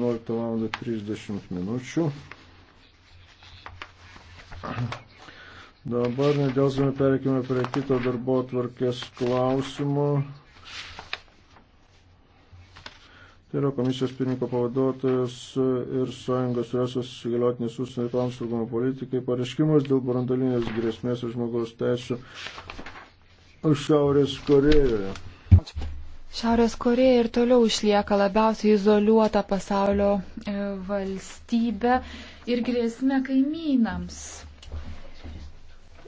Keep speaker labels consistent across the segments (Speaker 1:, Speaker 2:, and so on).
Speaker 1: 11 val. 30 minučių. Dabar nedėlsime perkime prie kito darbo tvarkės klausimo. Tai yra komisijos pirmininko pavaduotojas ir sąjungos resos įgaliotinės užsienio reikalams saugumo politikai pareiškimas dėl brandalinės grėsmės ir žmogaus teisų Šiaurės Korejoje.
Speaker 2: Šiaurės Koreja ir toliau išlieka labiausiai izoliuota pasaulio e, valstybė ir grėsmė kaimynams.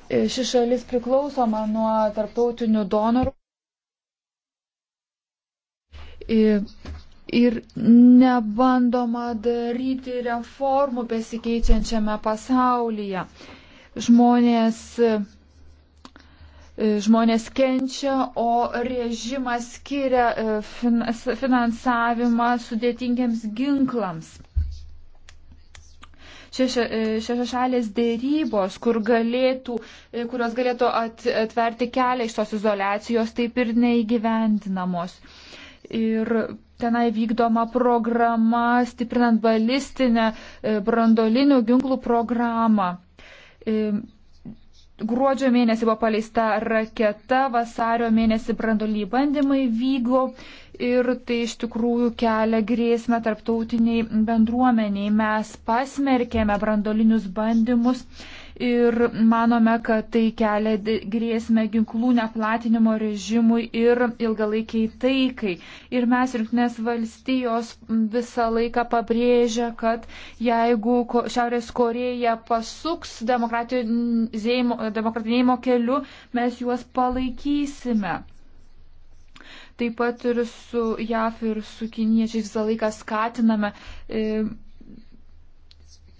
Speaker 2: E, ši šalis priklausoma nuo tarptautinių donorų. Ir e, ir nebandoma daryti reformų besikeičiančiame pasaulyje. Žmonės E, žmonės kenčia, o režimas skiria e, finansavimą sudėtingiams ginklams. E, šešiašalės dėrybos, kur galėtų, kurios galėtų at, atverti kelią iš tos izolacijos, taip ir neįgyvendinamos. Ir tenai vykdoma programa, stiprinant balistinę brandolinių ginklų programą Gruodžio mėnesį buvo paleista raketa, vasario mėnesį brandolyje bandymai vyko ir tai iš tikrųjų kelia grėsmę tarptautiniai bendruomeniai. Mes pasmerkėme brandolinius bandymus ir manome, kad tai kelia grėsmę ginklų neplatinimo režimui ir ilgalaikiai taikai. Ir mes, Junktinės valstijos, visą laiką pabrėžia, kad jeigu Šiaurės Koreja pasuks demokratinėjimo keliu, mes juos palaikysime taip pat ir su JAF ir su kiniečiais visą laiką skatiname e,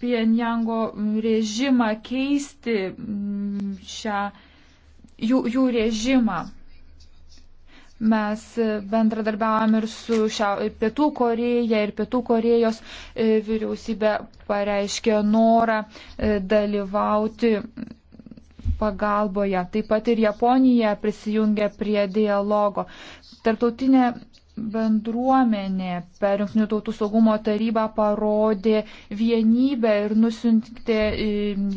Speaker 2: Pienjango režimą, keisti mm, šią jų, jų režimą. Mes bendradarbiavam ir su šia, ir Pietų Koreja, ir Pietų Korejos e, vyriausybė pareiškė norą e, dalyvauti pagalboje. Taip pat ir Japonija prisijungia prie dialogo. Tartautinė bendruomenė per Junktinių tautų saugumo tarybą parodė vienybę ir nusintė e,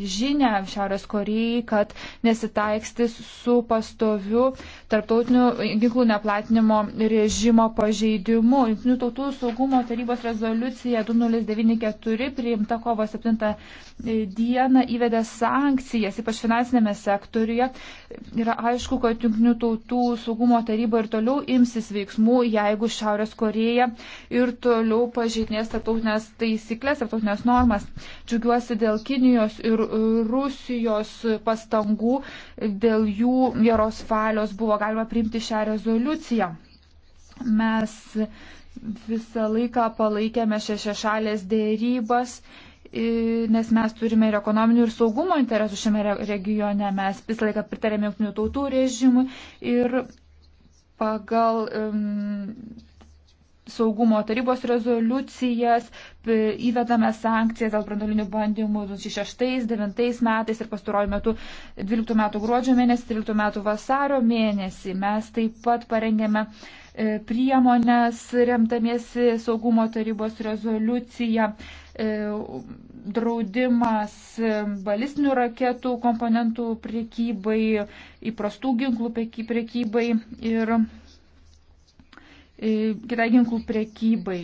Speaker 2: žinę Šiaurės Korejai, kad nesitaikstis su pastoviu tarptautiniu ginklų neplatinimo režimo pažeidimu. Junktinių tautų saugumo tarybos rezoliucija 2094 priimta kovo 7 e, dieną įvedė sankcijas, ypač finansinėme sektoriuje. Yra aišku, kad Junktinių tautų saugumo taryba ir toliau imsis veiksmų, jei jeigu Šiaurės Koreja ir toliau pažeidinės tarptautinės taisyklės, tarptautinės normas. Džiugiuosi dėl Kinijos ir Rusijos pastangų, dėl jų geros valios buvo galima priimti šią rezoliuciją. Mes visą laiką palaikėme šešiašalės dėrybas nes mes turime ir ekonominių, ir saugumo interesų šiame regione. Mes visą laiką pritarėme jungtinių tautų režimui ir pagal um, saugumo tarybos rezoliucijas, įvedame sankcijas dėl brandolinių bandymų 2006-2009 metais ir pastaruoju metu 12 metų gruodžio mėnesį, 13 metų vasario mėnesį. Mes taip pat parengėme e, priemonės remtamiesi saugumo tarybos rezoliuciją e, draudimas balistinių raketų komponentų priekybai, įprastų ginklų priekybai ir e, kitai ginklų priekybai.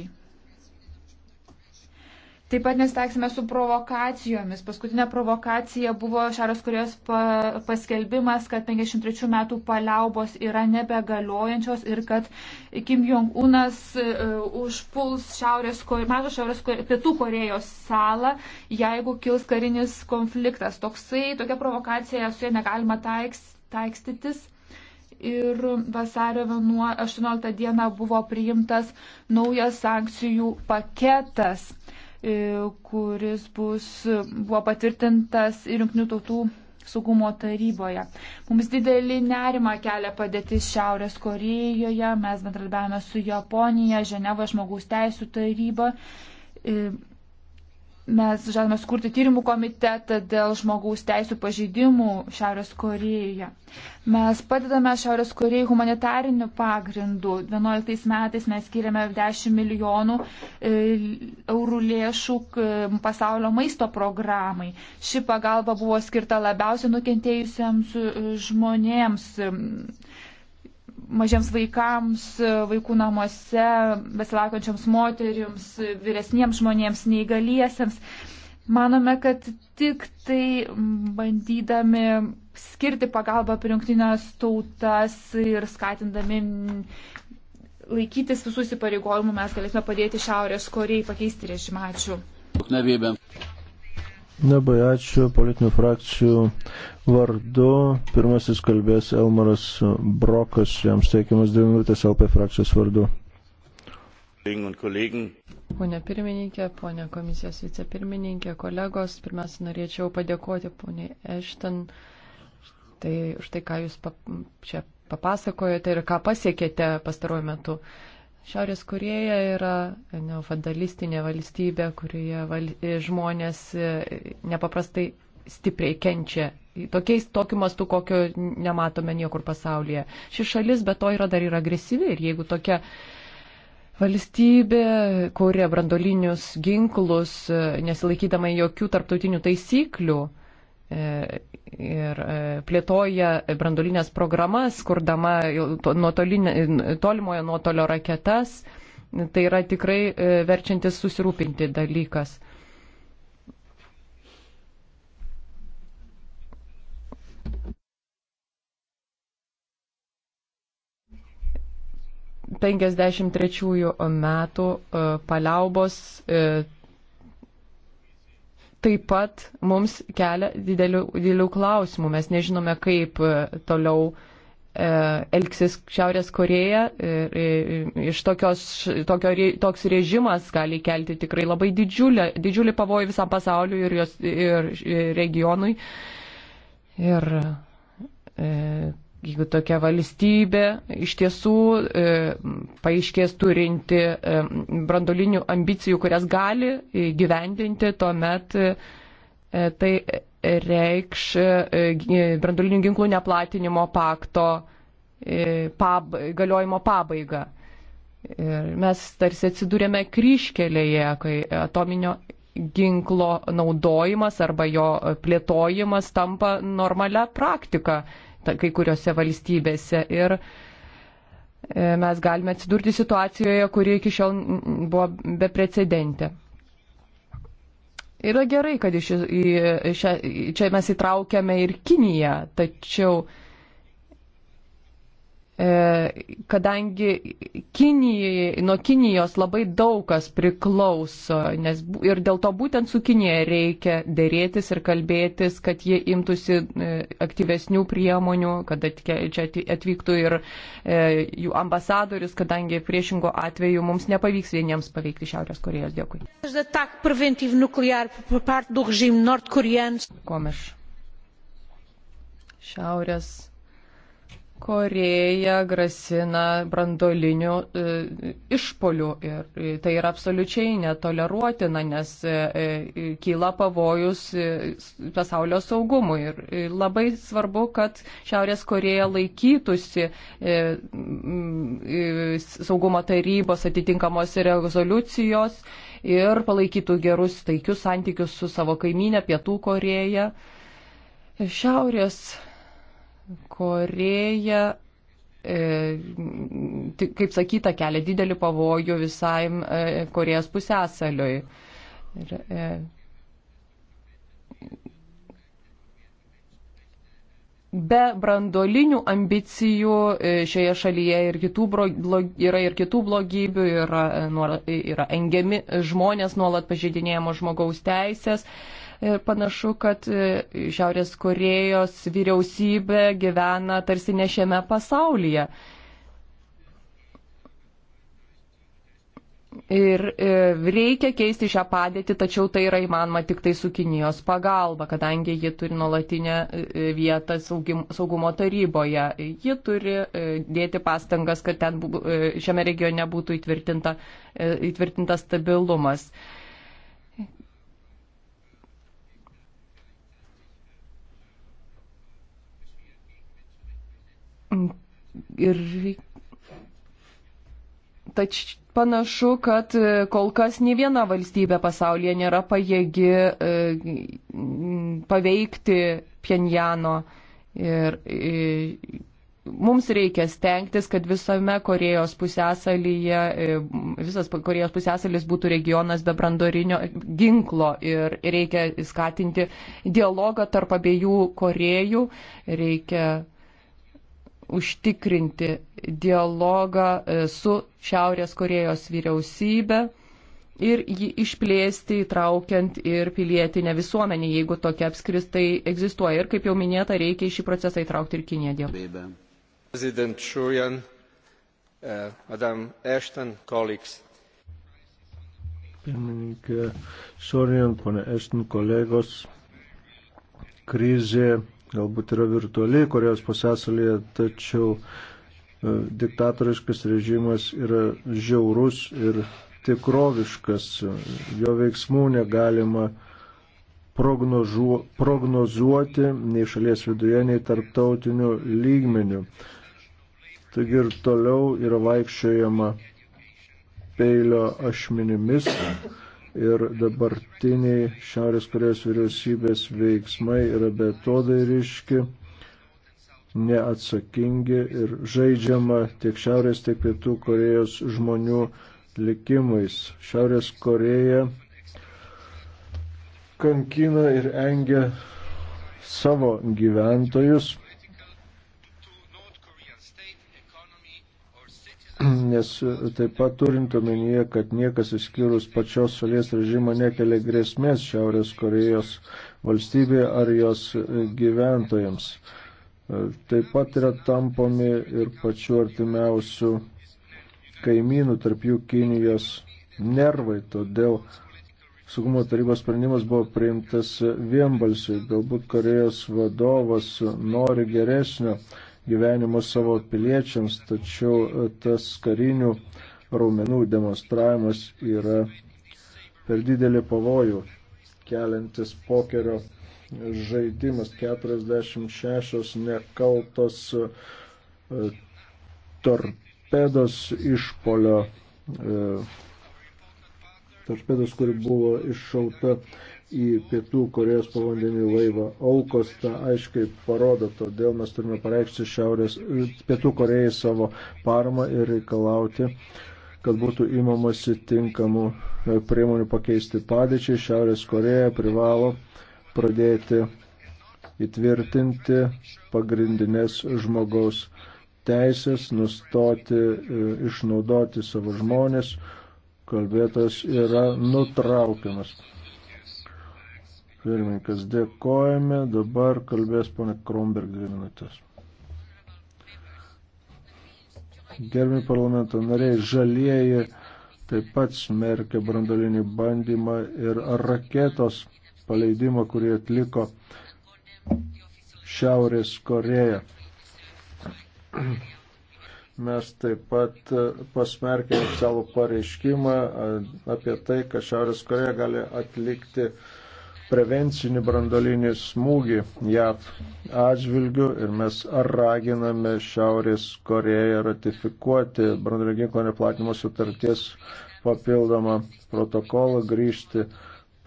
Speaker 2: Taip pat nestaksime su provokacijomis. Paskutinė provokacija buvo Šiaurės Korejos pa, paskelbimas, kad 53 metų paliaubos yra nebegaliojančios ir kad Kim Jong-unas uh, užpuls Šiaurės, mažą Šiaurės Pietų Korejos salą, jeigu kils karinis konfliktas. Toksai, tokia provokacija su ja negalima taiks, taikstytis ir vasario 18 dieną buvo priimtas naujas sankcijų paketas. E, kuris bus, buvo patvirtintas ir jungtinių tautų saugumo taryboje. Mums didelį nerimą kelia padėtis Šiaurės Korejoje, mes bendradarbiavame su Japonija, Ženeva žmogaus teisų taryba. E, Mes žadame skurti tyrimų komitetą dėl žmogaus teisų pažeidimų Šiaurės Korejoje. Mes padedame Šiaurės Korejai humanitariniu pagrindu. 11 metais mes skiriame 10 milijonų e, eurų lėšų pasaulio maisto programai. Ši pagalba buvo skirta labiausiai nukentėjusiems e, žmonėms mažiems vaikams, vaikų namuose, besilaukiančiams moteriams, vyresniems žmonėms, neįgaliesiems. Manome, kad tik tai bandydami skirti pagalbą per jungtinės tautas ir skatindami laikytis visų įsipareigojimų mes galėsime padėti Šiaurės Korejai pakeisti režimą. Ačiū.
Speaker 1: Labai ačiū politinių frakcijų vardu. Pirmasis kalbės Elmaras Brokas, jam steikiamas dvi minutės LP frakcijos vardu.
Speaker 2: Pone
Speaker 3: pirmininkė, pone komisijos vicepirmininkė, kolegos, pirmiausia, norėčiau padėkoti poniai Ešten tai, už tai, ką jūs pap, čia papasakojote ir ką pasiekėte pastaruoju metu. Šiaurės Koreja yra neofadalistinė valstybė, kurioje val... žmonės nepaprastai stipriai kenčia tokiais, tokiu mastu, kokio nematome niekur pasaulyje. Ši šalis be to yra dar ir agresyvi ir jeigu tokia valstybė kuria brandolinius ginklus, e, nesilaikydama jokių tarptautinių taisyklių e, ir e, plėtoja brandolinės programas, kurdama nuotolinė, tolimojo nuotolio raketas, tai yra tikrai verčiantis susirūpinti dalykas. 53 metų e, paliaubos e, taip pat mums kelia didelių, didelių klausimų. Mes nežinome, kaip e, toliau elgsis Šiaurės Koreja ir iš tokios, tokio, toks režimas gali kelti tikrai labai didžiulį, didžiulį pavojų visam pasauliu ir, jos, ir regionui. Ir e, jeigu tokia valstybė iš tiesų e, paaiškės turinti e, brandolinių ambicijų, kurias gali gyvendinti, tuomet e, tai reikš e, e, brandolinių ginklų neplatinimo pakto e, pab, galiojimo pabaigą. Ir mes tarsi atsidūrėme kryškelėje, kai atominio ginklo naudojimas arba jo plėtojimas tampa normalia praktika ta, kai kuriuose valstybėse. Ir e, mes galime atsidurti situacijoje, kuri iki šiol buvo beprecedentė. Yra gerai, kad iš, į, šią, čia mes įtraukiame ir Kiniją, tačiau E, kadangi Kinijai, nuo Kinijos labai daug kas priklauso, nes ir dėl to būtent su Kinija reikia dėrėtis ir kalbėtis, kad jie imtųsi e, aktyvesnių priemonių, kad čia atvyktų ir e, jų ambasadoris, kadangi priešingo atveju mums nepavyks vieniems paveikti Šiaurės Korejos. Dėkui. Komeš. Šiaurės Koreja grasina brandoliniu e, išpoliu ir tai yra absoliučiai netoleruotina, nes e, e, kyla pavojus pasaulio saugumui. Ir labai svarbu, kad Šiaurės Koreja laikytųsi saugumo tarybos atitinkamos rezoliucijos ir palaikytų gerus taikius santykius su savo kaiminė Pietų Koreja. Šiaurės Koreja e, kaip sakyta, kelia didelį pavojų visam e, Korejos pusėsaliui. Ir, e, Be brandolinių ambicijų šioje šalyje ir kitų blog, yra ir kitų blogybių, yra, yra engiami žmonės, nuolat pažeidinėjamos žmogaus teisės. E, Ir panašu, kad e, Šiaurės Korejos vyriausybė gyvena tarsi ne šiame pasaulyje. Ir e, reikia keisti šią padėtį, tačiau tai yra įmanoma tik tai su Kinijos pagalba, kadangi ji turi nuolatinę e, vietą saugumo taryboje. Ji turi dėti pastangas, kad ten, šiame regione būtų įtvirtinta, įtvirtintas stabilumas. Ir tač, panašu, kad e, kol kas ne viena valstybė pasaulyje nėra pajėgi e, paveikti Pjenjano. Ir, ir e, mums reikia stengtis, kad visame Korejos pusėsalyje, visas Korejos pusėsalis būtų regionas be brandorinio ginklo ir reikia skatinti dialogą tarp abiejų Korejų, reikia užtikrinti dialogą e, su Šiaurės Korejos vyriausybė ir jį išplėsti, įtraukiant ir pilietinę visuomenę, jeigu tokia apskristai egzistuoja. Ir kaip jau minėta, reikia į šį procesą įtraukti ir Kiniją. Dėkui.
Speaker 1: E, Pirmininkė Šorijan, ponė Ešten, kolegos, krizė galbūt yra virtuali Korejos pusėsalyje, tačiau e, diktatoriškas režimas yra žiaurus ir tikroviškas, jo veiksmų negalima prognozu, prognozuoti nei šalies viduje, nei tarptautiniu lygmeniu. Taigi ir toliau yra vaikščiojama peilio ašminimis ir dabartiniai Šiaurės Korejos vyriausybės veiksmai yra betodairiški, neatsakingi ir žaidžiama tiek Šiaurės, tiek Pietų Korejos žmonių likimais. Šiaurės Koreja kankina ir engia savo gyventojus nes e, taip pat turint omenyje, kad niekas išskyrus pačios šalies režimo nekelia grėsmės Šiaurės Korejos valstybė ar jos e, gyventojams. E, taip pat yra tampomi ir pačių artimiausių kaimynų, tarp jų Kinijos nervai, todėl saugumo tarybos sprendimas buvo priimtas vienbalsiai. Galbūt Korejos vadovas nori geresnio gyvenimo savo piliečiams, tačiau e, tas karinių raumenų demonstravimas yra per didelį pavojų keliantis pokerio žaidimas 46 nekaltos e, torpedos išpolio, e, torpedos, kuri buvo iššauta į pietų Korejos povandenį laivą. Aukos tą aiškiai parodo, todėl mes turime pareikšti šiaurės, pietų Korejai savo paramą ir reikalauti, kad būtų įmamasi tinkamų e, priemonių pakeisti padėčiai. Šiaurės Koreja privalo pradėti įtvirtinti pagrindinės žmogaus teisės, nustoti e, išnaudoti savo žmonės, kalbėtas yra nutraukiamas. Pirmininkas, dėkojame. Dabar kalbės ponė Kromberg dvi minutės. Gerbimi parlamento nariai, žalieji taip pat smerkia brandolinį bandymą ir raketos paleidimą, kurį atliko Šiaurės Koreja. Mes taip pat pasmerkėme savo pareiškimą apie tai, kad Šiaurės Koreja gali atlikti uh, prevencinį brandolinį smūgį JAV atžvilgių ir mes raginame Šiaurės Koreją ratifikuoti brandolinio ginklo neplatinimo sutarties papildomą protokolą, grįžti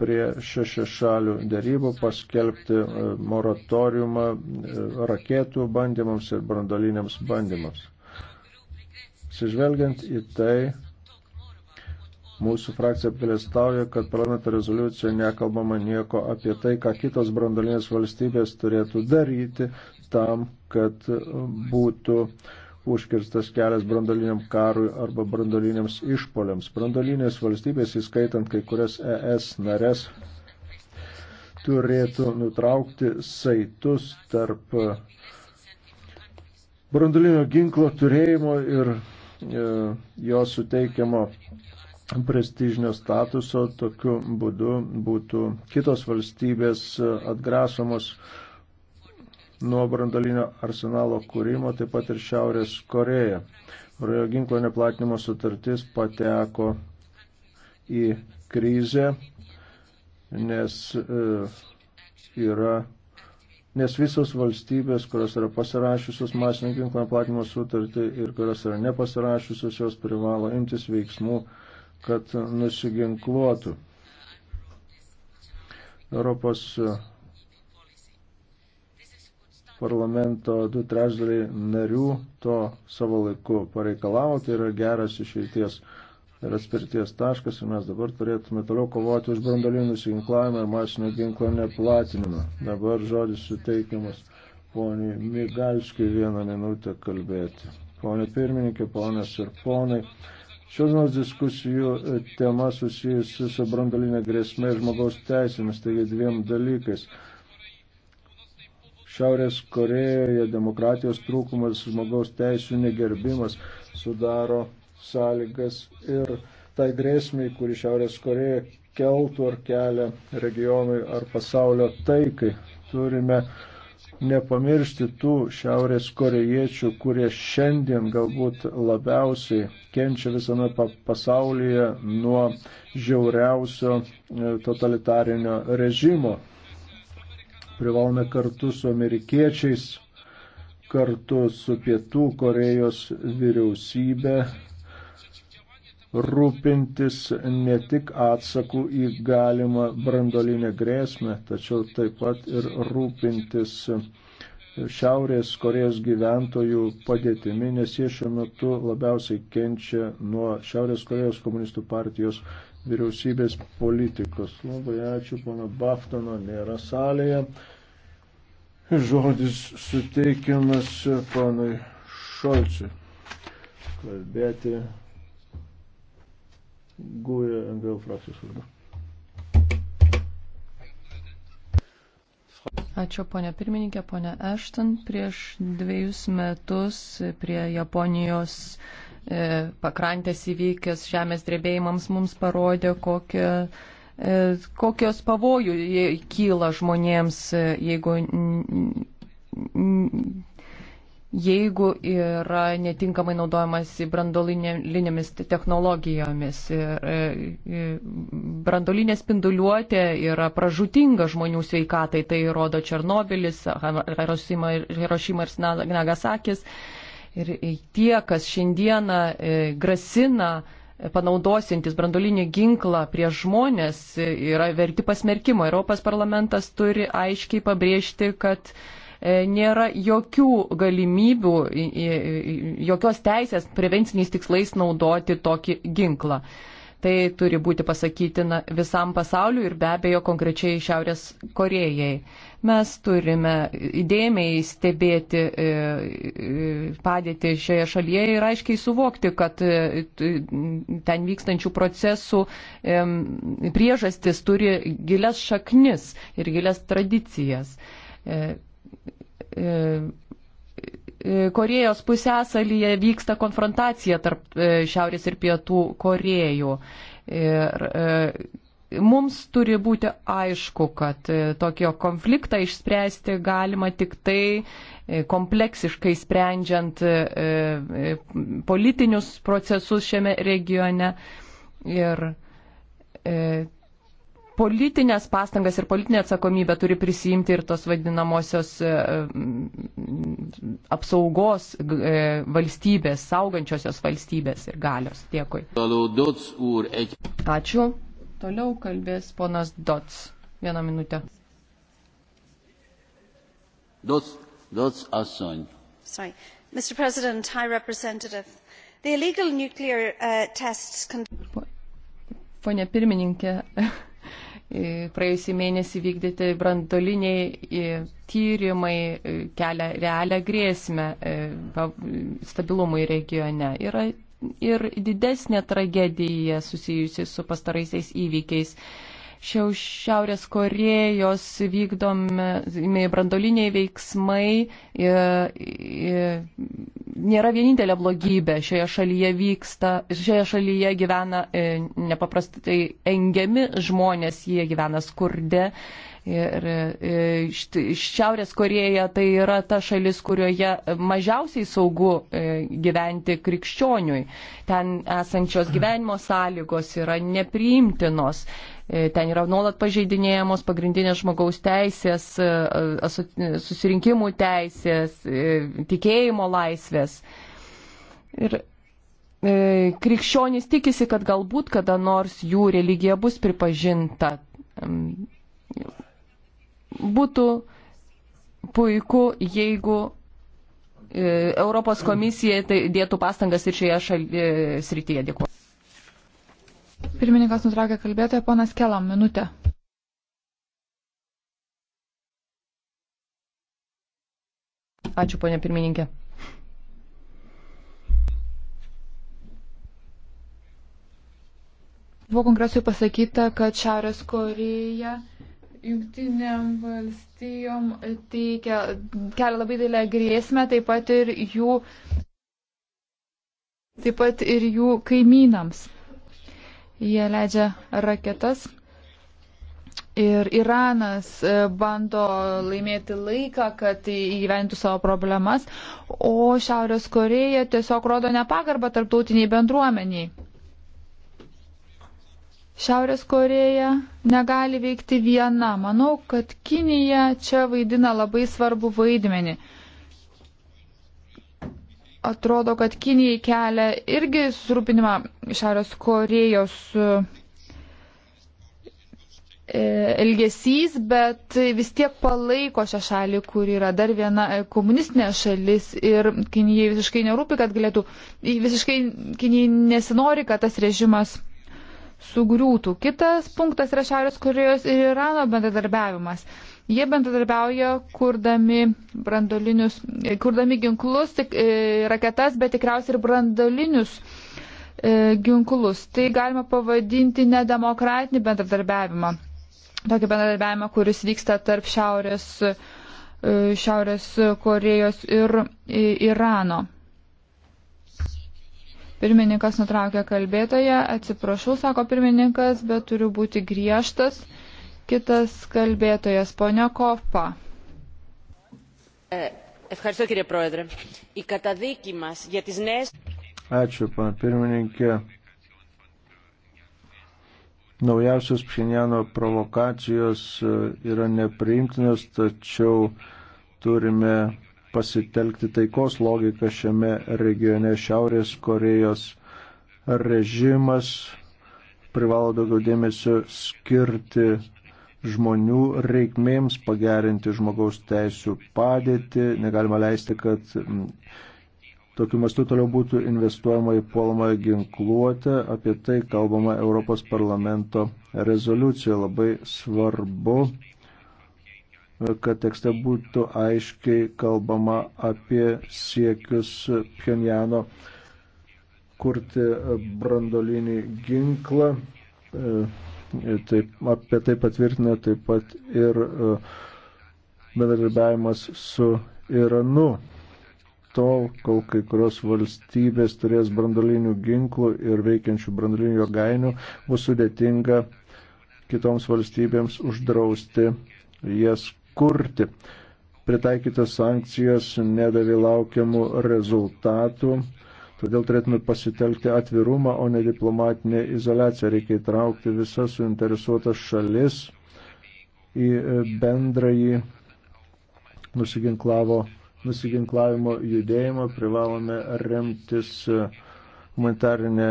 Speaker 1: prie šešių šalių dėrybų, paskelbti e, moratoriumą e, raketų bandymams ir brandoliniams bandymams. Sižvelgiant į tai, Mūsų frakcija apgalėstauja, kad parlamento rezoliucijoje nekalbama nieko apie tai, ką kitos brandolinės valstybės turėtų daryti tam, kad būtų užkirstas kelias brandoliniam karui arba brandoliniams išpoliams. Brandolinės valstybės, įskaitant kai kurias ES nares, turėtų nutraukti saitus tarp brandolinio ginklo turėjimo ir e, jo suteikiamo prestižinio statuso, tokiu būdu būtų kitos valstybės atgrasomos nuo brandalinio arsenalo kūrimo, taip pat ir Šiaurės Koreja. Rojo ginklo neplatinimo sutartis pateko į krizę, nes e, yra nes visos valstybės, kurios yra pasirašiusios masinio ginklo platinimo sutartį ir kurios yra nepasirašiusios, jos privalo imtis veiksmų kad nusiginkluotų. Europos parlamento du trešdaliai narių to savo laiku pareikalavo, tai yra geras išeities ir atspirties taškas ir mes dabar turėtume toliau kovoti už brandalinį nusiginklavimą ir masinio ginklo neplatinimą. Dabar žodis suteikiamas poniai Migalskiai vieną minutę kalbėti. Pone pirmininkė, ponas ir ponai. Šios dienos diskusijų e, tema susijusi su brandalinė grėsmė žmogaus teisėmis, taigi dviem dalykais. Šiaurės Korejoje demokratijos trūkumas, žmogaus teisų negerbimas sudaro sąlygas ir tai grėsmiai, kuri Šiaurės Koreja keltų ar kelia regionui ar pasaulio taikai. Turime uh, nepamiršti tų šiaurės korejiečių, kurie šiandien galbūt labiausiai kenčia visame pasaulyje nuo žiauriausio e, totalitarinio režimo. Privalome kartu su amerikiečiais, kartu su Pietų Korejos vyriausybė rūpintis ne tik atsakų į galimą brandolinę grėsmę, tačiau taip pat ir rūpintis Šiaurės Korejos gyventojų padėtimi, nes jie šiuo metu labiausiai kenčia nuo Šiaurės Korejos komunistų partijos vyriausybės politikos. Labai ačiū, pana Baftono nėra salėje. Žodis suteikiamas panui Šolčiui kalbėti Gūja NGL frakcijos vardu.
Speaker 3: Ačiū, ponė pirmininkė, ponė Ešton. Prieš dviejus metus prie Japonijos e, pakrantės įvykęs žemės drebėjimams mums parodė, kokią e, kokios pavojų kyla žmonėms, e, jeigu jeigu yra netinkamai naudojamas brandolinėmis technologijomis. Ir e, e, brandolinė spinduliuotė yra pražutinga žmonių sveikatai, tai rodo Černobilis, Hirošima ir Nagasakis. Ir e, tie, kas šiandieną grasina panaudosintis brandolinį ginklą prieš žmonės, yra verti pasmerkimo. Europos parlamentas turi aiškiai pabrėžti, kad uh, E, nėra jokių galimybių, jokios teisės prevenciniais tikslais naudoti tokį ginklą. Tai turi būti pasakytina visam pasauliu ir be abejo konkrečiai Šiaurės Korejai. Mes turime įdėmiai stebėti e, e, padėti šioje šalyje ir aiškiai suvokti, kad ten vykstančių procesų priežastis turi gilias šaknis ir gilias tradicijas. E, e, Korejos pusėsalyje vyksta konfrontacija tarp e, Šiaurės ir Pietų Korejų. Ir mums turi būti aišku, kad tokio konfliktą išspręsti galima tik tai kompleksiškai sprendžiant politinius procesus šiame regione. Ir politinės pastangas ir politinę atsakomybę turi prisijimti ir tos vadinamosios e, apsaugos e, valstybės, saugančiosios valstybės ir galios. Dėkui. Ačiū. Toliau kalbės ponas Dots. Vieną minutę.
Speaker 1: Dots, Dots Asson.
Speaker 3: Sorry. Mr. President, High Representative, the illegal nuclear uh, tests. Con... Pone pirmininkė, praėjusį mėnesį vykdyti brandoliniai tyrimai kelia realią grėsmę stabilumui regione. Yra ir didesnė tragedija susijusi su pastaraisiais įvykiais Šiaurės Korejos vykdomi brandoliniai veiksmai nėra vienintelė blogybė. Šioje šalyje vyksta, šioje šalyje gyvena e, nepaprastai engiami žmonės, jie gyvena skurde Ir e, Šiaurės Koreja tai yra ta šalis, kurioje mažiausiai saugu e, gyventi krikščioniui. Ten esančios gyvenimo sąlygos yra nepriimtinos. E, ten yra nuolat pažeidinėjamos pagrindinės žmogaus teisės, susirinkimų teisės, tikėjimo laisvės. Ir krikščionys tikisi, kad galbūt kada nors jų religija bus pripažinta būtų puiku, jeigu e, Europos komisija tai dėtų pastangas ir šioje šaly,
Speaker 2: e, srityje. Dėkuoju. Pirmininkas nutraukė kalbėtoją, ponas Kelam, minutę.
Speaker 3: Ačiū, ponė pirmininkė.
Speaker 2: Buvo kongresui pasakyta, kad Šiaurės Korėja. Koreja jungtiniam valstijom teikia, kelia labai didelę grėsmę, taip pat ir jų, taip pat ir jų kaimynams. Jie leidžia raketas. Ir Iranas e, bando laimėti laiką, kad įgyventų savo problemas, o Šiaurės Koreja tiesiog rodo nepagarbą tarptautiniai bendruomeniai. Šiaurės Koreja negali veikti viena. Manau, kad Kinija čia vaidina labai svarbu vaidmenį. Atrodo, kad Kinijai kelia irgi surūpinimą Šiaurės Korejos e, elgesys, bet vis tiek palaiko šią šalį, kur yra dar viena e, komunistinė šalis ir Kinijai visiškai nerūpi, kad galėtų, visiškai Kinijai nesinori, kad tas režimas sugriūtų. Kitas punktas yra Šiaurės Korejos ir Irano bendradarbiavimas. Jie bendradarbiauja, kurdami, e, kurdami ginklus, tik, e, raketas, bet tikriausiai ir brandolinius e, ginklus. Tai galima pavadinti nedemokratinį bendradarbiavimą. Tokį bendradarbiavimą, kuris vyksta tarp Šiaurės, Šiaurės Korejos ir Irano. Pirmininkas nutraukė kalbėtoją, atsiprašau, sako pirmininkas, bet turiu būti griežtas. Kitas kalbėtojas, ponia Kopa.
Speaker 3: Eh,
Speaker 1: Ačiū, pana pirmininkė. Naujausios Pšeniano provokacijos eh, yra nepriimtinos, tačiau turime pasitelkti taikos logiką šiame regione. Šiaurės Korejos režimas privalo daugiau dėmesio skirti žmonių reikmėms, pagerinti žmogaus teisų padėtį. Negalima leisti, kad tokiu mastu toliau būtų investuojama į puolamą ginkluotę. Apie tai kalbama Europos parlamento rezoliucijoje. Labai svarbu kad tekste būtų aiškiai kalbama apie siekius Pjenjano kurti brandolinį ginklą. E, taip, apie tai patvirtina taip pat ir e, bendradarbiavimas su Iranu. Tol, kol kai kurios valstybės turės brandolinių ginklų ir veikiančių brandolinių jėgainių, bus sudėtinga kitoms valstybėms uždrausti jas kurti. Pritaikytas sankcijos nedavė laukiamų rezultatų. Todėl turėtume pasitelkti atvirumą, o ne diplomatinę izolaciją. Reikia įtraukti visas suinteresuotas šalis į e, bendrąjį nusiginklavimo judėjimą. Privalome remtis e, humanitarinę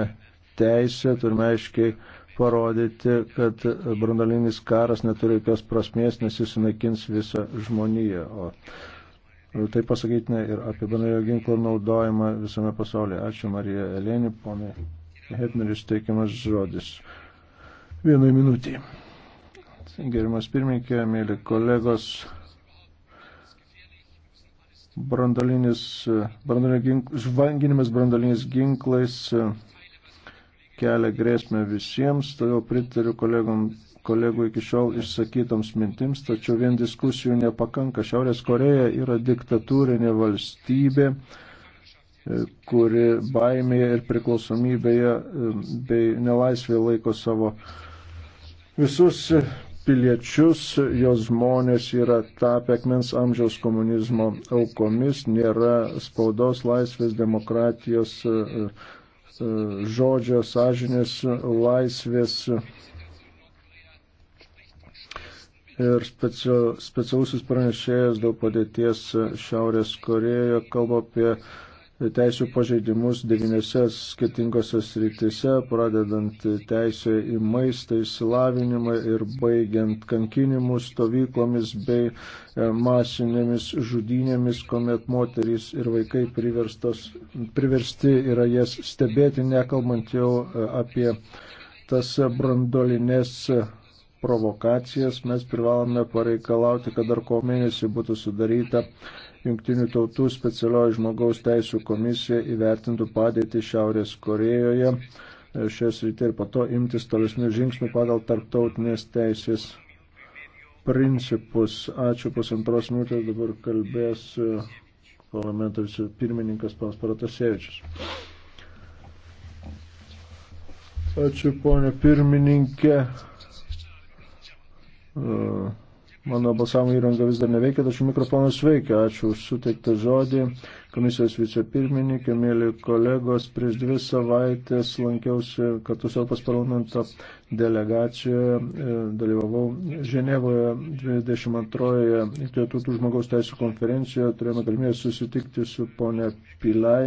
Speaker 1: teisę, turime aiškiai parodyti, kad brandalinis karas neturi jokios prasmės, nes jis sunaikins visą žmoniją. O tai pasakytina ir apie bendrojo ginklo naudojimą visame pasaulyje. Ačiū Marija Elėni, ponai Hetneris teikiamas žodis. Vienai minutį. Gerimas pirmininkė, mėly kolegos, brandalinis, brandalinio gink, žvanginimas brandaliniais ginklais kelia grėsmę visiems, todėl pritariu kolegom, kolegų iki šiol išsakytoms mintims, tačiau vien diskusijų nepakanka. Šiaurės Koreja yra diktatūrinė valstybė, e, kuri baimėje ir priklausomybėje e, bei nelaisvėje laiko savo visus piliečius, jos žmonės yra tapę akmens amžiaus komunizmo aukomis, nėra spaudos laisvės, demokratijos, e, E, žodžio sąžinės laisvės ir specialusis pranešėjas dėl padėties Šiaurės Korejoje kalba apie teisų pažeidimus devyniose skirtingose srityse, pradedant teisę į maistą, įsilavinimą ir baigiant kankinimų stovyklomis bei e, masinėmis žudynėmis, kuomet moterys ir vaikai priversti yra jas stebėti, nekalbant jau e, apie tas brandolinės provokacijas, mes privalome pareikalauti, kad dar ko mėnesį būtų sudaryta Junktinių tautų specialioji žmogaus teisų komisija įvertintų padėtį Šiaurės Korejoje e, šioje srityje ir po to imtis tolesnių žingsnių pagal tarptautinės teisės principus. Ačiū pusantros minutės, dabar kalbės e, parlamento pirmininkas Pans Paratasevičius. Ačiū, ponė pirmininkė. Uh. Mano balsavimo įranga vis dar neveikia, tačiau mikrofonas veikia. Ačiū už suteiktą žodį. Komisijos vicepirmininkė, mėly kolegos, prieš dvi savaitės lankiausi kartu su Europos parlamento delegacijoje, dalyvavau Ženevoje 22-oje Jungtinių tautų žmogaus teisų konferencijoje, turėjome galimybę susitikti su ponia Pilai.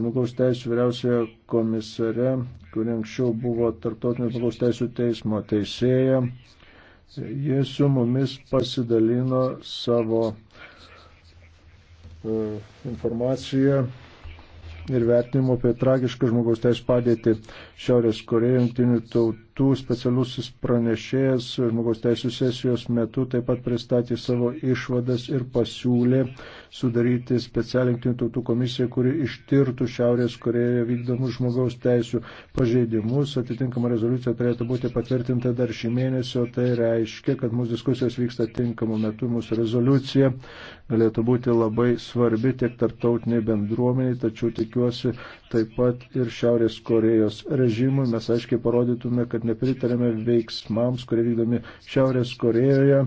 Speaker 1: Žmogaus teisų vyriausioje komisare, kuri anksčiau buvo Tartotinio žmogaus teisų teismo teisėja, Jie su mumis pasidalino savo e, informaciją ir vertinimo apie tragišką žmogaus teisų padėtį Šiaurės Korejoje, jungtinių tautų metu specialusis pranešėjas žmogaus teisų sesijos metu taip pat pristatė savo išvadas ir pasiūlė sudaryti specialią jungtinių tautų komisiją, kuri ištirtų Šiaurės Korejoje vykdomus žmogaus teisų pažeidimus. Atitinkama rezoliucija turėtų būti patvirtinta dar šį mėnesį, o tai reiškia, kad mūsų diskusijos vyksta tinkamu metu. Mūsų rezoliucija galėtų būti labai svarbi tiek tarptautiniai bendruomeniai, tačiau tikiuosi, taip pat ir Šiaurės Korejos režimui. Mes aiškiai parodytume, kad nepritarėme veiksmams, kurie vykdomi Šiaurės Korejoje,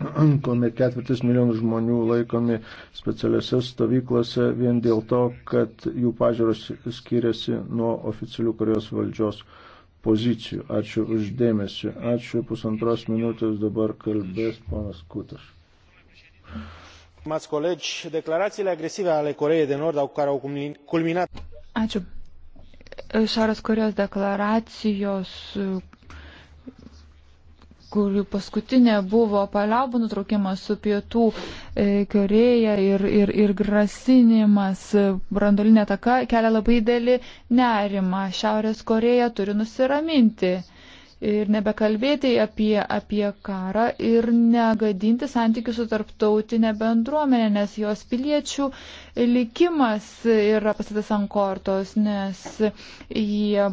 Speaker 1: kuomet ketvirtis milijonų žmonių laikomi specialiuose stovyklose vien dėl to, kad jų pažiūros skiriasi nuo oficialių Korejos valdžios pozicijų. Ačiū uždėmesi. Ačiū pusantros minutės dabar kalbės ponas Kutas. Stimați colegi, declarațiile agresive ale Coreei de Nord care au culminat
Speaker 2: Ačiū. Šiaurės Korejos deklaracijos, kurių paskutinė buvo paliaubų nutraukimas su pietų e, Koreja ir, ir, ir grasinimas brandolinė taka kelia labai dėlį nerimą. Šiaurės Koreja turi nusiraminti ir nebekalbėti apie, apie karą ir negadinti santykių su tarptautinė bendruomenė, nes jos piliečių likimas yra pasitas ant kortos, nes jie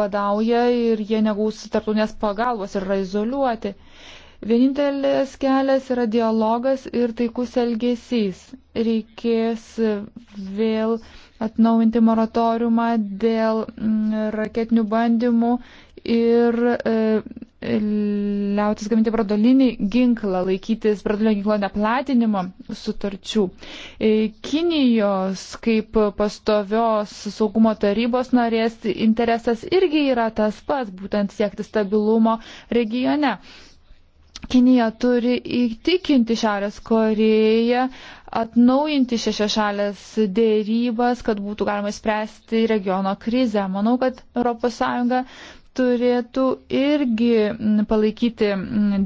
Speaker 2: badauja ir jie negaus tarptautinės pagalbos ir yra izoliuoti. Vienintelis kelias yra dialogas ir taikus elgesys. Reikės vėl atnaujinti moratoriumą dėl mm, raketinių bandymų ir e, liautis gaminti bradolinį ginklą, laikytis bradolinio ginklo neplatinimo sutarčių. E, Kinijos kaip pastovios saugumo tarybos narės interesas irgi yra tas pats, būtent siekti stabilumo regione. Kinija turi įtikinti Šiaurės Koreją atnaujinti šešiašalės dėrybas, kad būtų galima spręsti regiono krizę. Manau, kad ES turėtų irgi palaikyti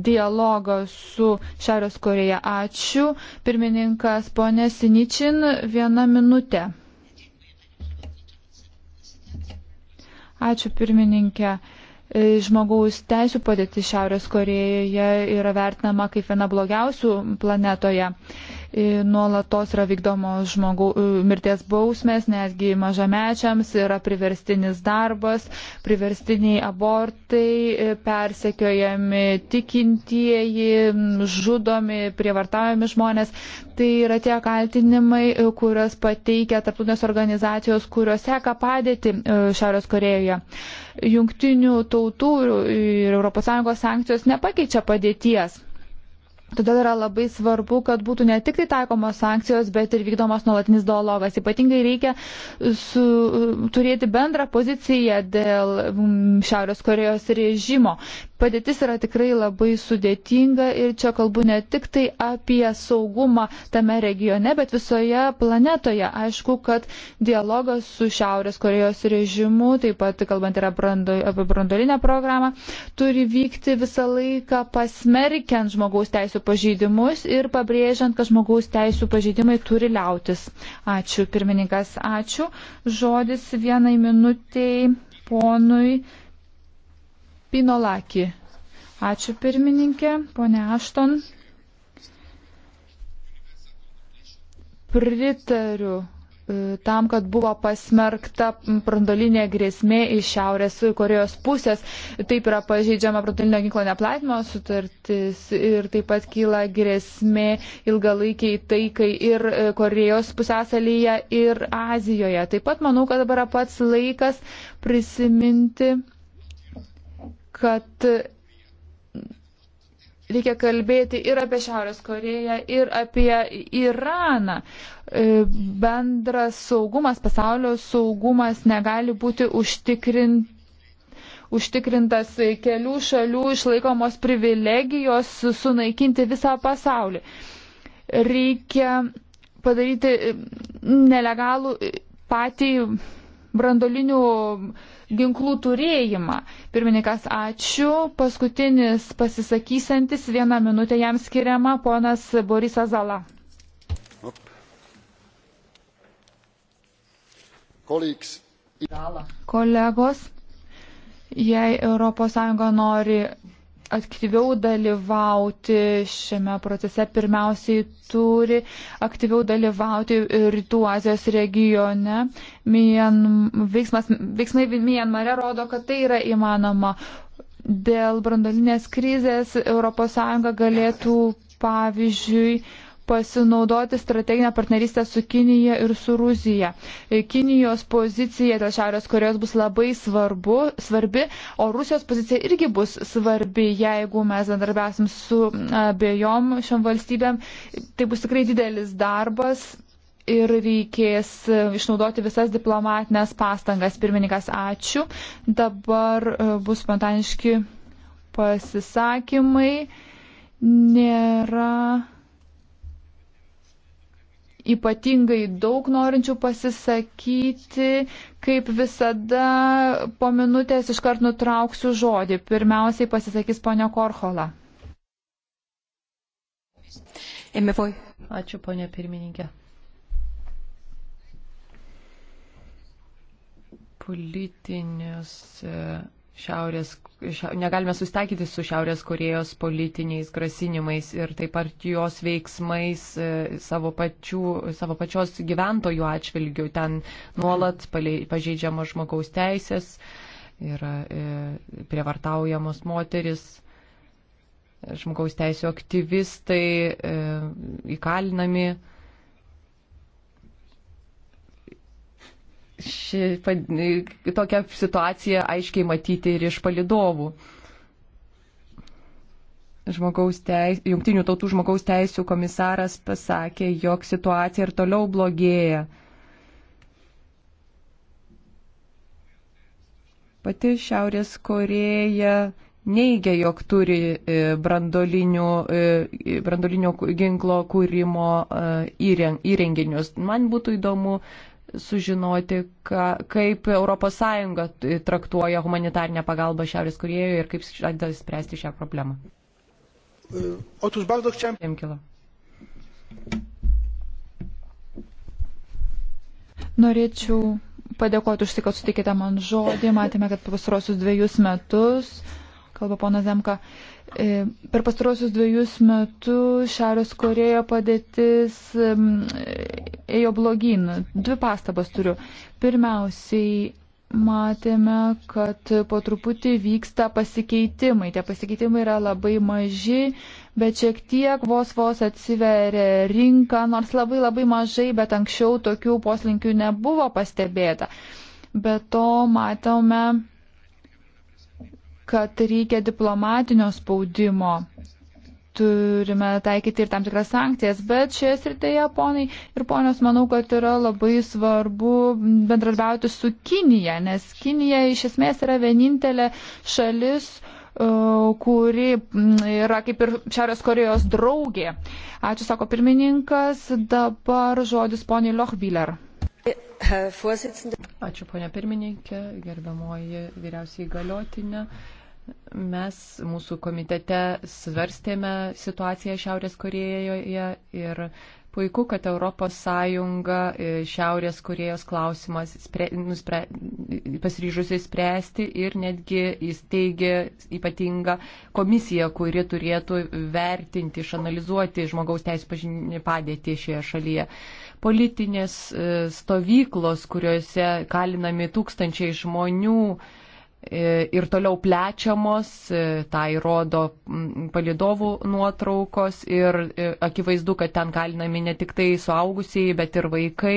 Speaker 2: dialogą su Šiaurės Koreja. Ačiū. Pirmininkas ponė Siničin, vieną minutę. Ačiū pirmininkė. Žmogaus teisų padėti Šiaurės Korejoje yra vertinama kaip viena blogiausių planetoje nuolatos yra vykdomos žmogų e, mirties bausmės, netgi mažamečiams yra priverstinis darbas, priverstiniai abortai, e, persekiojami tikintieji, žudomi, prievartaujami žmonės. Tai yra tie kaltinimai, e, kurias pateikia tarptautinės organizacijos, kurios seka padėti Šiaurės Korejoje. Jungtinių tautų ir ES sankcijos nepakeičia padėties Todėl yra labai svarbu, kad būtų ne tik tai taikomos sankcijos, bet ir vykdomas nuolatinis dialogas. Ypatingai reikia su, turėti bendrą poziciją dėl mm, Šiaurės Korejos režimo. Padėtis yra tikrai labai sudėtinga ir čia kalbu ne tik tai apie saugumą tame regione, bet visoje planetoje. Aišku, kad dialogas su Šiaurės Korejos režimu, taip pat kalbant ir brando, apie brandolinę programą, turi vykti visą laiką pasmerkiant žmogaus teisų pažeidimus ir pabrėžiant, kad žmogaus teisų pažeidimai turi liautis. Ačiū, pirmininkas, ačiū. Žodis vienai minutiai ponui Spinolaki. Ačiū pirmininkė, ponė Ašton. Pritariu e, tam, kad buvo pasmerkta brandolinė grėsmė iš Šiaurės Korejos pusės. Taip yra pažeidžiama brandolinio ginklo neplatinimo sutartis ir taip pat kyla grėsmė ilgalaikiai taikai ir e, Korejos pusėsalyje ir Azijoje. Taip pat manau, kad dabar yra pats laikas prisiminti kad reikia kalbėti ir apie Šiaurės Koreją, ir apie Iraną. E, bendras saugumas, pasaulio saugumas negali būti užtikrint, užtikrintas kelių šalių išlaikomos privilegijos sunaikinti visą pasaulį. Reikia padaryti e, nelegalų e, patį brandolinių ginklų turėjimą. Pirmininkas, ačiū. Paskutinis pasisakysantis, vieną minutę jam skiriama, ponas Borisas Zala. Kolegos, jei ES nori aktyviau dalyvauti šiame procese. Pirmiausiai turi aktyviau dalyvauti Rytų Azijos regione. Mien, veiksmas, veiksmai Mienmare rodo, kad tai yra įmanoma. Dėl brandolinės krizės ES galėtų, pavyzdžiui, pasinaudoti strateginę partnerystę su Kinija ir su Rusija. E, Kinijos pozicija dėl Šiaurės Korejos bus labai svarbu, svarbi, o Rusijos pozicija irgi bus svarbi, jeigu mes bendarbiausim su abiejom šiom valstybėm. Tai bus tikrai didelis darbas ir reikės e, išnaudoti visas diplomatinės pastangas. Pirmininkas, ačiū. Dabar e, bus spontaniški pasisakymai. Nėra ypatingai daug norinčių pasisakyti. Kaip visada, po minutės iškart nutrauksiu žodį. Pirmiausiai pasisakys ponia Korhola. MFO.
Speaker 3: Ačiū, ponia pirmininkė. Politinės. Uh e, Šiaurės, šia, negalime sustaikyti su Šiaurės Korejos politiniais grasinimais ir taip pat jos veiksmais e, savo, pačių, savo pačios gyventojų atžvilgių. Ten nuolat pažeidžiamos žmogaus teisės, yra e, prievartaujamos moteris, žmogaus teisų aktyvistai e, įkalinami. E, ši, tokia situacija aiškiai matyti ir iš palidovų. Teis, Jungtinių tautų žmogaus teisų komisaras pasakė, jog situacija ir toliau blogėja. Pati Šiaurės Koreja neigia, jog turi e, brandolinio e, ginklo kūrimo e, įrenginius. Man būtų įdomu sužinoti, ka, kaip ES traktuoja humanitarinę pagalbą Šiaurės Korėjoje ir kaip žada
Speaker 2: spręsti šią problemą.
Speaker 3: E, otóż bardzo chciałem.
Speaker 2: Norėčiau padėkoti už tai, kad sutikite man žodį. Matėme, kad pasarosius dviejus metus, kalba ponas Zemka, uh, E, per pastarosius dviejus metus Šiaurės Korejoje padėtis ėjo blogyn. Dvi pastabas turiu. Pirmiausiai, matėme, kad po truputį vyksta pasikeitimai. Tie pasikeitimai yra labai maži, bet šiek tiek vos vos atsiveria rinka, nors labai labai mažai, bet anksčiau tokių poslinkių nebuvo pastebėta. Be to matome kad reikia diplomatinio spaudimo. Turime taikyti ir tam tikras sankcijas, bet šioje srityje, ponai ir ponios, manau, kad yra labai svarbu bendradarbiauti su Kinija, nes Kinija iš esmės yra vienintelė šalis, e, kuri yra kaip ir Šiaurės Korejos draugė. Ačiū, sako pirmininkas. Dabar žodis poniai Lochbiller.
Speaker 3: Ačiū, ponia pirmininkė, gerbiamoji vyriausiai galiotinė. Mes mūsų komitete svarstėme situaciją Šiaurės Korejoje ir puiku, kad ES e, Šiaurės Korejos klausimas spre, nuspre, pasiryžusi spręsti ir netgi įsteigė ypatingą komisiją, kuri turėtų vertinti, išanalizuoti žmogaus teisų padėtį šioje šalyje. Uh, politinės e, stovyklos, kuriuose kalinami tūkstančiai žmonių e, ir toliau plečiamos, e, tai rodo palidovų nuotraukos ir akivaizdu, kad ten kalinami ne tik tai suaugusieji, bet ir vaikai,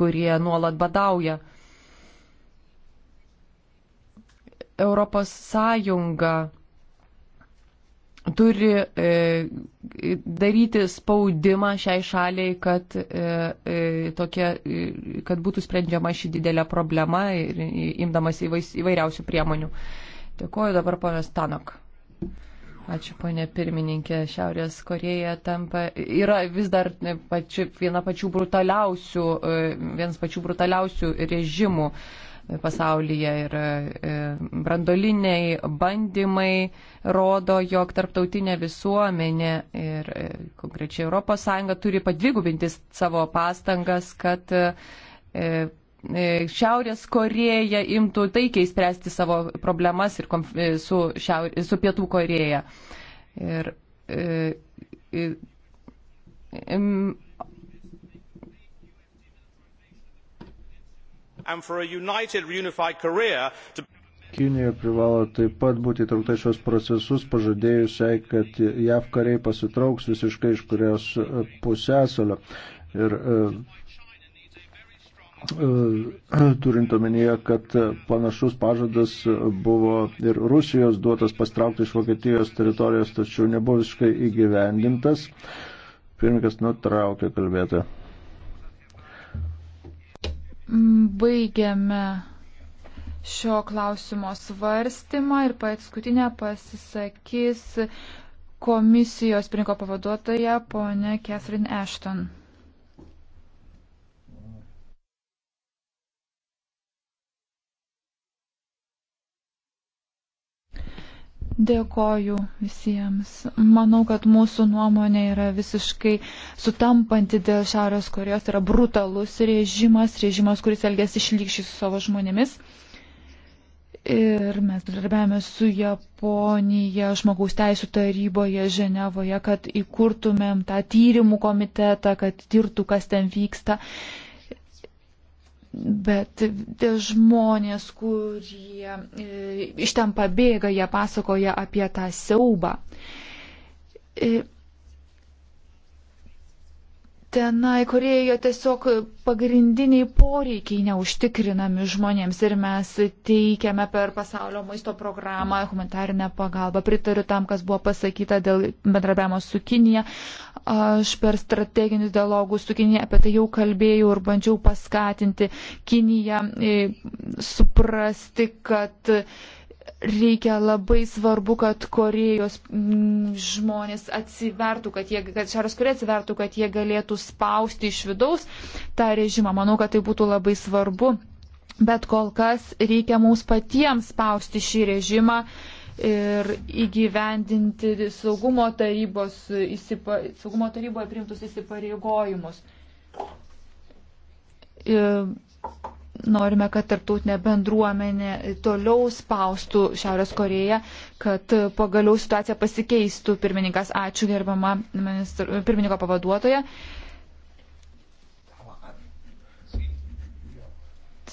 Speaker 3: kurie nuolat badauja. Europos Sąjunga turi e, daryti spaudimą šiai šaliai, kad, e, e, tokia, e, kad būtų sprendžiama ši didelė problema ir imdamas įvairiausių priemonių. Dėkuoju dabar ponas Tanok. Ačiū, ponė pirmininkė. Šiaurės Koreja tampa, yra vis dar pači, viena pačių brutaliausių, e, vienas pačių brutaliausių režimų. E, pasaulyje ir e, brandoliniai bandymai rodo, jog tarptautinė visuomenė ir e, konkrečiai ES turi padvigubinti savo pastangas, kad e, Šiaurės Koreja imtų taikiai spręsti savo problemas ir su, šiaur, su Pietų Koreja. Ir, ir, ir,
Speaker 1: and for a united, unified Korea to. Kinija privalo taip pat būti įtraukta šios procesus, pažadėjusiai, kad JAV kariai pasitrauks visiškai iš kurios e, pusėsalio. Ir e, e, turint omenyje, kad panašus pažadas buvo ir Rusijos duotas pastraukti iš Vokietijos teritorijos, tačiau nebuvo visiškai įgyvendintas. Pirmininkas nutraukė kalbėtoją.
Speaker 2: Mm, baigiame šio klausimo svarstymą ir paskutinę pasisakys komisijos prinko pavaduotoja ponė Catherine Ashton. Dėkoju visiems. Manau, kad mūsų nuomonė yra visiškai sutampanti dėl Šiaurės Korejos. Tai yra brutalus režimas, režimas, kuris elgesi išlygšiai su savo žmonėmis. Ir mes darbėjome su Japonija, žmogaus teisų taryboje Ženevoje, kad įkurtumėm tą tyrimų komitetą, kad tirtų, kas ten vyksta. Bet žmonės, kurie e, iš ten pabėga, jie pasakoja apie tą siaubą. E, tenai Korejoje tiesiog pagrindiniai poreikiai neužtikrinami žmonėms ir mes teikiame per pasaulio maisto programą humanitarinę pagalbą. Pritariu tam, kas buvo pasakyta dėl bendrabiamo su Kinija. Aš per strateginius dialogus su Kinija apie tai jau kalbėjau ir bandžiau paskatinti Kiniją e, suprasti, kad reikia labai svarbu, kad Korejos mm, žmonės atsivertų, kad, jie, kad Šiaurės Korėja atsivertų, kad jie galėtų spausti iš vidaus tą režimą. Manau, kad tai būtų labai svarbu. Bet kol kas reikia mums patiems spausti šį režimą ir įgyvendinti saugumo, tarybos, įsipa, saugumo taryboje priimtus įsipareigojimus. Ir norime, kad tarptautinė bendruomenė toliau spaustų Šiaurės Koreją, kad pagaliau situacija pasikeistų. Pirmininkas, ačiū gerbama ministr... pirmininko pavaduotoja.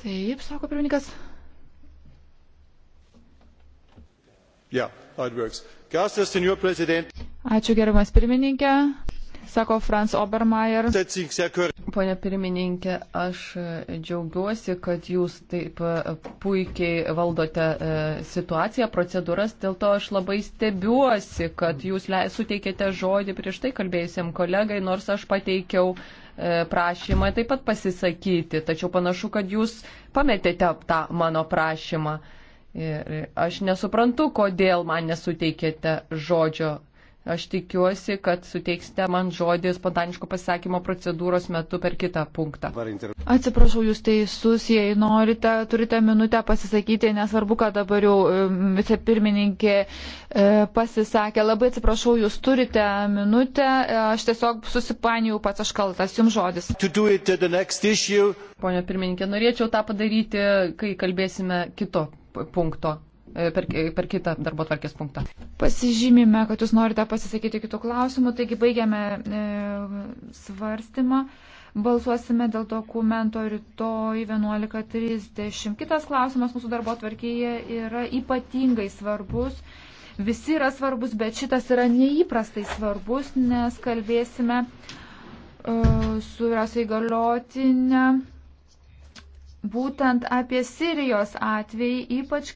Speaker 2: Taip, sako pirmininkas. Yeah, Ačiū gerbiamas pirmininkė sako Franz Obermeier. Pone pirmininkė, aš džiaugiuosi, kad jūs taip
Speaker 3: e, puikiai valdote e, situaciją, procedūras, dėl to aš labai stebiuosi, kad jūs suteikėte žodį prieš tai kalbėjusiam kolegai, nors aš pateikiau e, prašymą taip pat pasisakyti, tačiau panašu, kad jūs pametėte tą mano prašymą. Ir aš nesuprantu, kodėl man nesuteikėte žodžio Aš tikiuosi, kad suteiksite man žodį spontaniško pasakymo procedūros metu per kitą punktą.
Speaker 2: Atsiprašau, jūs teisus, jei norite, turite minutę pasisakyti, nesvarbu, kad dabar jau vicepirmininkė e, pasisakė. Labai atsiprašau, jūs turite minutę, aš tiesiog susipanėjau pats aš kaltas, jums žodis. Pone pirmininkė, norėčiau tą padaryti,
Speaker 3: kai kalbėsime kito punkto E, per, e, per kitą darbo tvarkės punktą.
Speaker 2: Pasižymime, kad jūs norite pasisakyti kitų klausimų, taigi baigiame e, svarstymą. Balsuosime dėl dokumento rytoj 11.30. Kitas klausimas mūsų darbo tvarkėje yra ypatingai svarbus. Visi yra svarbus, bet šitas yra neįprastai svarbus, nes kalbėsime uh, su vyriausiai galiotinė būtent apie Sirijos atvejį, ypač